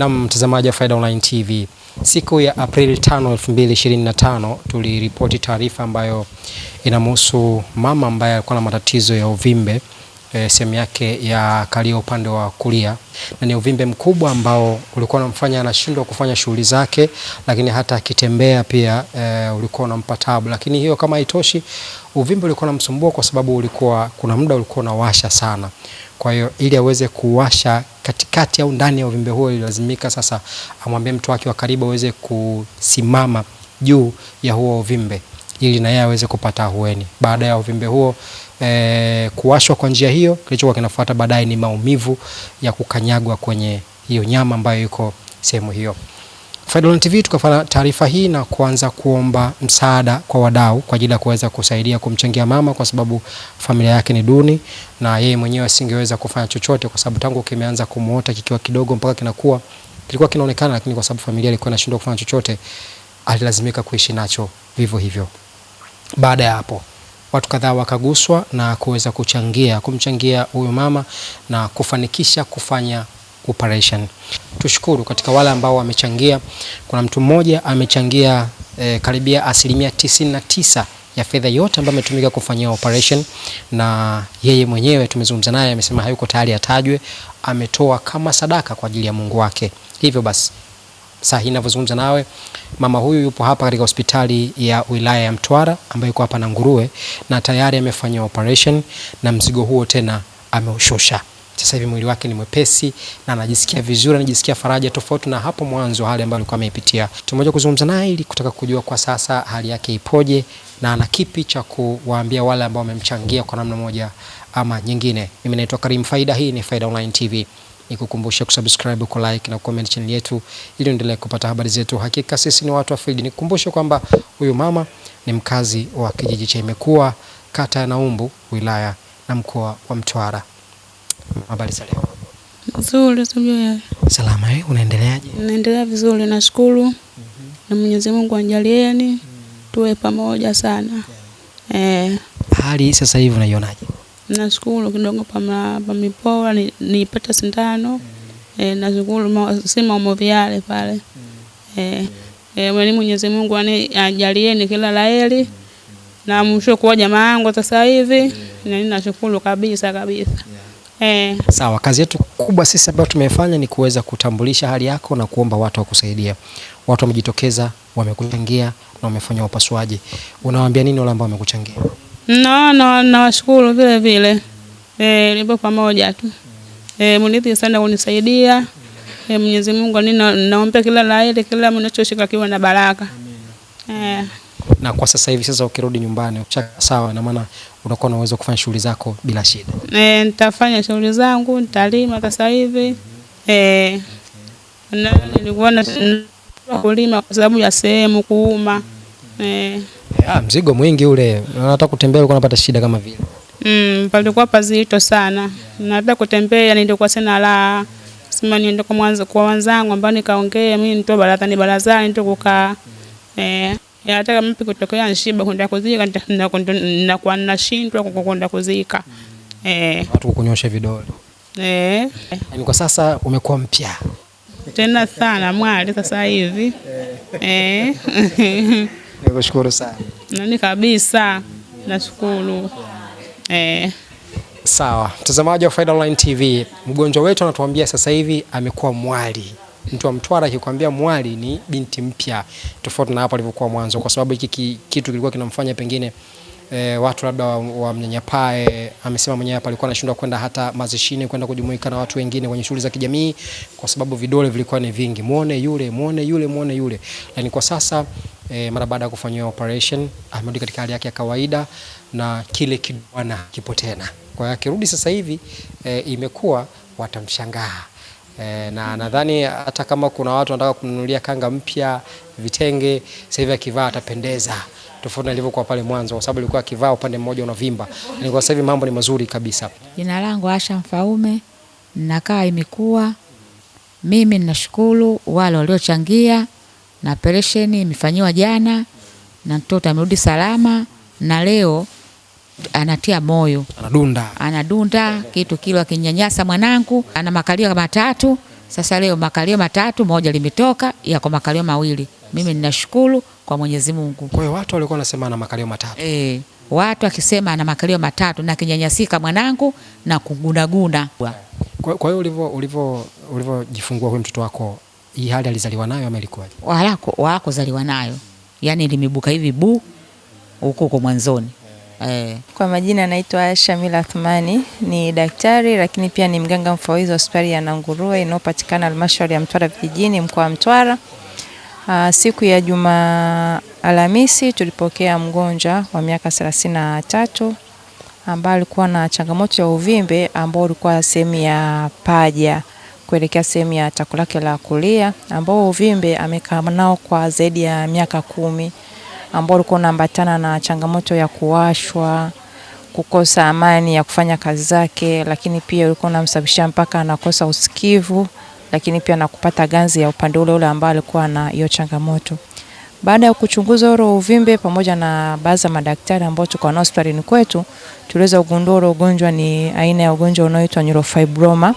Na mtazamaji wa Faida Online TV, siku ya Aprili 5, 2025 tuliripoti taarifa ambayo inamhusu mama ambaye alikuwa na matatizo ya uvimbe e, sehemu yake ya kalio upande wa kulia, na ni uvimbe mkubwa ambao ulikuwa unamfanya anashindwa kufanya shughuli zake, lakini hata akitembea pia e, ulikuwa unampa taabu. Lakini hiyo kama haitoshi, uvimbe ulikuwa unamsumbua kwa sababu ulikuwa kuna muda ulikuwa unawasha sana. Kwa hiyo ili aweze kuwasha katikati au ndani ya uvimbe huo, ililazimika sasa amwambie mtu wake wa karibu aweze kusimama juu ya huo uvimbe ili na yeye aweze kupata ahueni. Baada ya uvimbe huo eh, kuwashwa kwa njia hiyo. Kilichokuwa kinafuata baadaye ni maumivu ya kukanyagwa kwenye hiyo nyama ambayo iko sehemu hiyo. Faida Online TV tukafanya taarifa hii na kuanza kuomba msaada kwa wadau kwa ajili ya kuweza kusaidia kumchangia mama, kwa sababu familia yake ni duni na yeye mwenyewe asingeweza kufanya chochote, kwa sababu tangu kimeanza kumuota kikiwa kidogo mpaka kinakuwa kilikuwa kinaonekana, lakini kwa sababu familia ilikuwa inashindwa kufanya chochote, alilazimika kuishi nacho vivyo hivyo. Baada ya hapo watu kadhaa wakaguswa na kuweza kuchangia kumchangia huyu mama na kufanikisha kufanya operation. Tushukuru katika wale ambao wamechangia, kuna mtu mmoja amechangia eh, karibia asilimia tisini na tisa ya fedha yote ambayo ametumika kufanyia operation, na yeye mwenyewe tumezungumza naye, amesema hayuko tayari atajwe, ametoa kama sadaka kwa ajili ya Mungu wake. Hivyo basi saa hii ninavyozungumza nawe, mama huyu yupo hapa katika hospitali ya wilaya ya Mtwara ambayo yuko hapa na Nguruwe, na tayari amefanyiwa operation na mzigo huo tena ameushusha. Sasa hivi mwili wake ni mwepesi na anajisikia vizuri, anajisikia faraja, tofauti na hapo mwanzo, hali ambayo alikuwa ameipitia. Tumoja kuzungumza naye ili kutaka kujua kwa sasa hali yake ipoje na ana kipi cha kuwaambia wale ambao wamemchangia kwa namna moja ama nyingine. Mimi naitwa Karim Faida, hii ni Faida Online TV kukumbusha kusubscribe, ku like na comment channel yetu ili uendelee kupata habari zetu. Hakika sisi ni watu wa field. Nikukumbushe kwamba huyu mama ni mkazi wa kijiji cha Imekuwa, kata ya Naumbu, wilaya na mkoa wa Mtwara. Habari za leo? Nzuri, Salama, Eh, unaendeleaje? Naendelea vizuri, nashukuru. mm -hmm. Na Mwenyezi Mungu anjalieni, mm -hmm. tuwe pamoja sana. yeah. Eh, hali sasa hivi unaionaje? nashukuru kidogo pamipoa ni, nipata sindano mm. E, nashukuru si maumivu yale pale mm. e, mwalimu Mwenyezi Mungu ajalieni kila laheri na mshukuru jamaa yangu sasa hivi yeah. Nashukuru kabisa kabisa yeah. Sawa, kazi yetu kubwa sisi ambayo tumefanya ni kuweza kutambulisha hali yako na kuomba watu wakusaidia. Watu wamejitokeza, wamekuchangia na wamefanya upasuaji. Unawaambia nini wale ambao wamekuchangia? No, no, nawashukuru vile vile eh, nipo pamoja tu eh, mnithi sana kunisaidia eh, Mwenyezi Mungu ni naombea kila laheri, kila mnachoshika kiwa na baraka eh. Na kwa sasa hivi sasa ukirudi nyumbani ucha sawa, na maana unakuwa na uwezo kufanya shughuli zako bila shida eh? Nitafanya shughuli zangu, nitalima sasa hivi eh, na nilikuwa na kulima kwa sababu ya sehemu kuuma eh. Ah, mzigo mwingi ule. Hata kutembea ulikuwa unapata shida kama vile. Mm, palikuwa pazito sana. Na hata kutembea nilikuwa sina la sema niende kwa mwanzo kwa wanzangu ambao nikaongea mimi nitoa ni baraza nitoa kukaa. Eh, ya eh, hata kama mpi kutokea nshiba kwenda kuzika na na kwa nashindwa kwa kwenda kuzika. Eh, watu kukunyosha vidole. Eh. Yaani kwa sasa umekuwa mpya. Tena sana mwali sasa hivi. Eh. eh. Nikushukuru sana. Nani kabisa, nashukuru eh. Sawa mtazamaji wa Faida Online TV, mgonjwa wetu anatuambia sasa hivi amekuwa mwali. Mtu wa Mtwara akikwambia mwali ni binti mpya, tofauti na hapo alivyokuwa mwanzo, kwa sababu hiki ki, kitu kilikuwa kinamfanya pengine E, watu labda wamnyanyapaa. E, amesema mwenyewe hapa alikuwa anashindwa kwenda hata mazishini kwenda kujumuika na watu wengine kwenye shughuli za kijamii kwa sababu vidole vilikuwa ni vingi, muone yule, muone yule, muone yule, lakini kwa sasa e, mara baada ya kufanyiwa operation amerudi katika hali yake ya kawaida na kile kidwana kipo tena. Kwa hiyo akirudi sasa hivi e, imekuwa watamshangaa e, na nadhani hata kama kuna watu wanataka kununulia kanga mpya, vitenge, sasa hivi akivaa atapendeza tofauti na ilivyokuwa pale mwanzo, kwa sababu alikuwa akivaa upande mmoja unavimba. Ni kwa sasa hivi mambo ni mazuri kabisa. Jina langu Asha Mfaume, nakaa imekuwa. Mimi ninashukuru wale waliochangia na operation imefanyiwa jana na mtoto amerudi salama, na leo anatia moyo, anadunda anadunda kitu kilo, akinyanyasa mwanangu, ana makalio matatu. Sasa leo makalio matatu, moja limetoka, yako makalio mawili. Mimi ninashukuru kwa Mwenyezi Mungu. Kwa hiyo watu walikuwa wanasema ana makalio matatu e, watu akisema ana makalio matatu na kinyanyasika mwanangu na kugunaguna. Kwa hiyo ulivyojifungua huyu mtoto wako hii hali alizaliwa nayo ama ilikuwaje? Walako wakuzaliwa nayo, yaani limebuka hivi bu huko huko mwanzoni. Eh. eh. Kwa majina anaitwa Shamila Athmani, ni daktari lakini pia ni mganga mfawidhi wa hospitali ya Nanguruwe inayopatikana halmashauri ya Mtwara vijijini, mkoa wa Mtwara. Aa, ah, siku ya juma Alhamisi tulipokea mgonjwa wa miaka 33 tatu ambaye alikuwa na changamoto ya uvimbe ambao ulikuwa sehemu ya paja kuelekea sehemu ya tako lake la kulia ambao uvimbe amekaa nao kwa zaidi ya miaka kumi ambao ulikuwa unaambatana na changamoto ya kuwashwa, kukosa amani ya kufanya kazi zake, lakini pia ulikuwa unamsababishia mpaka anakosa usikivu, lakini pia na kupata ganzi ya upande ule ule ambao alikuwa na hiyo changamoto. Baada ya kuchunguza ule uvimbe pamoja na baadhi ya madaktari ambao tuko nao hospitalini kwetu, tuliweza kugundua ule ugonjwa ni aina ya ugonjwa unaoitwa neurofibroma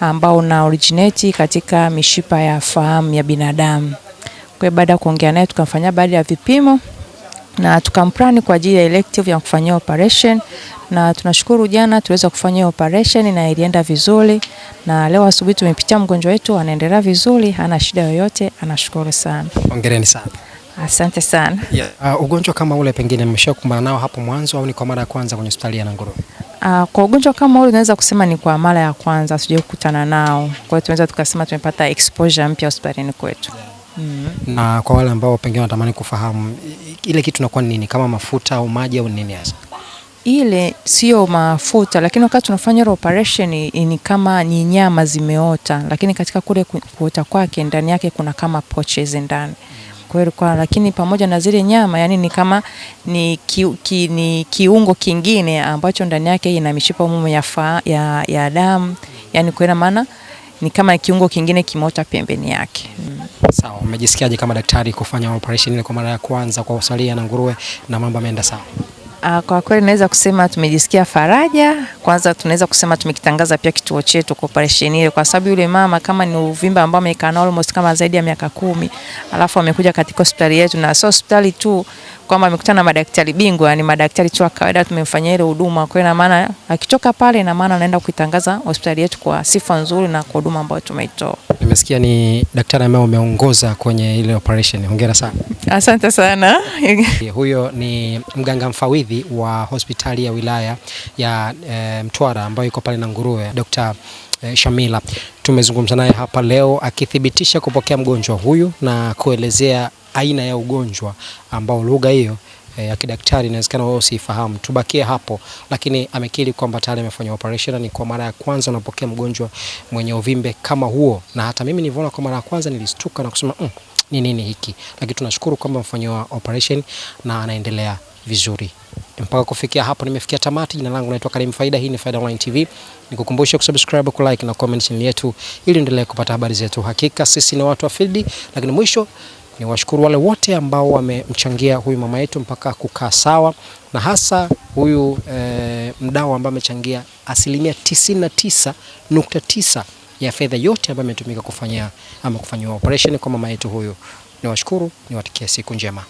ambao una originate katika mishipa ya fahamu ya binadamu. Kwa hiyo baada ya kuongea naye tukamfanyia baadhi ya vipimo na tukamplani kwa ajili ya elective ya kufanyia operation, na tunashukuru jana tuweza kufanya operation na ilienda vizuri, na leo asubuhi tumepitia mgonjwa wetu, anaendelea vizuri, hana shida yoyote, anashukuru sana. Hongereni sana. Asante sana. Yeah. Uh, ugonjwa kama ule pengine mmeshakumbana nao hapo mwanzo au ni kwa mara ya kwanza kwenye hospitali ya nanguru Uh, kwa ugonjwa kama ule unaweza kusema ni kwa mara ya kwanza, sijui kukutana nao, kwa hiyo tunaweza tukasema tumepata exposure mpya hospitalini kwetu. Mm. Na kwa wale ambao pengine wanatamani kufahamu ile kitu inakuwa nini, kama mafuta au maji au nini hasa? Ile sio mafuta, lakini wakati tunafanya ile operation ni kama ni nyama zimeota, lakini katika kule kuota kwake ndani yake kuna kama poches ndani kwa kwa lakini pamoja na zile nyama yani ni kama ni, ki, ki, ni kiungo kingine ambacho ndani yake ina mishipa mume ya, fa, ya, ya damu yani kwa maana ni kama kiungo kingine kimota pembeni yake mm. Sawa, umejisikiaje kama daktari kufanya operation ile kwa mara ya kwanza kwa usalia na nguruwe na mambo ameenda sawa? Ah, kwa kweli naweza kusema tumejisikia faraja. Kwanza tunaweza kusema tumekitangaza pia kituo chetu kwa operation ile, kwa sababu yule mama kama ni uvimba ambao amekaa nao almost kama zaidi ya miaka kumi, alafu amekuja katika hospitali yetu, na sio hospitali tu kwamba amekutana na madaktari bingwa, ni madaktari tu wa kawaida, tumemfanyia ile huduma. Kwa hiyo maana akitoka pale, na maana anaenda kuitangaza hospitali yetu kwa sifa nzuri na kwa huduma ambayo tumeitoa. Nimesikia ni daktari ambaye umeongoza kwenye ile operation. Hongera sana. Asante sana. Huyo ni mganga mfawidhi wa hospitali ya wilaya ya e, Mtwara ambayo iko pale na Nanguruwe, Dr. Eh, Shamila. Tumezungumza naye hapa leo akithibitisha kupokea mgonjwa huyu na kuelezea aina ya ugonjwa ambao lugha hiyo e, ya kidaktari inawezekana wao usifahamu, tubakie hapo. Lakini amekiri kwamba tayari amefanya operation, ni kwa mara ya kwanza unapokea mgonjwa mwenye uvimbe kama huo, na hata mimi nilivyoona kwa mara ya kwanza nilistuka na kusema mm, ni nini hiki, lakini tunashukuru kwamba amefanyiwa operation na anaendelea vizuri. Mpaka kufikia hapo nimefikia tamati. Jina langu naitwa Karim Faida, hii ni Faida Online TV. Nikukumbusha kusubscribe, ku like na comment chini yetu ili endelee kupata habari zetu. Hakika sisi ni watu wa field, lakini mwisho ni washukuru wale wote ambao wamemchangia huyu mama yetu mpaka kukaa sawa, na hasa huyu e, mdau ambaye amechangia asilimia 99.9 ya fedha yote ambayo imetumika kufanya ama kufanyiwa operation kwa mama yetu huyu. Ni washukuru, niwatakia siku njema.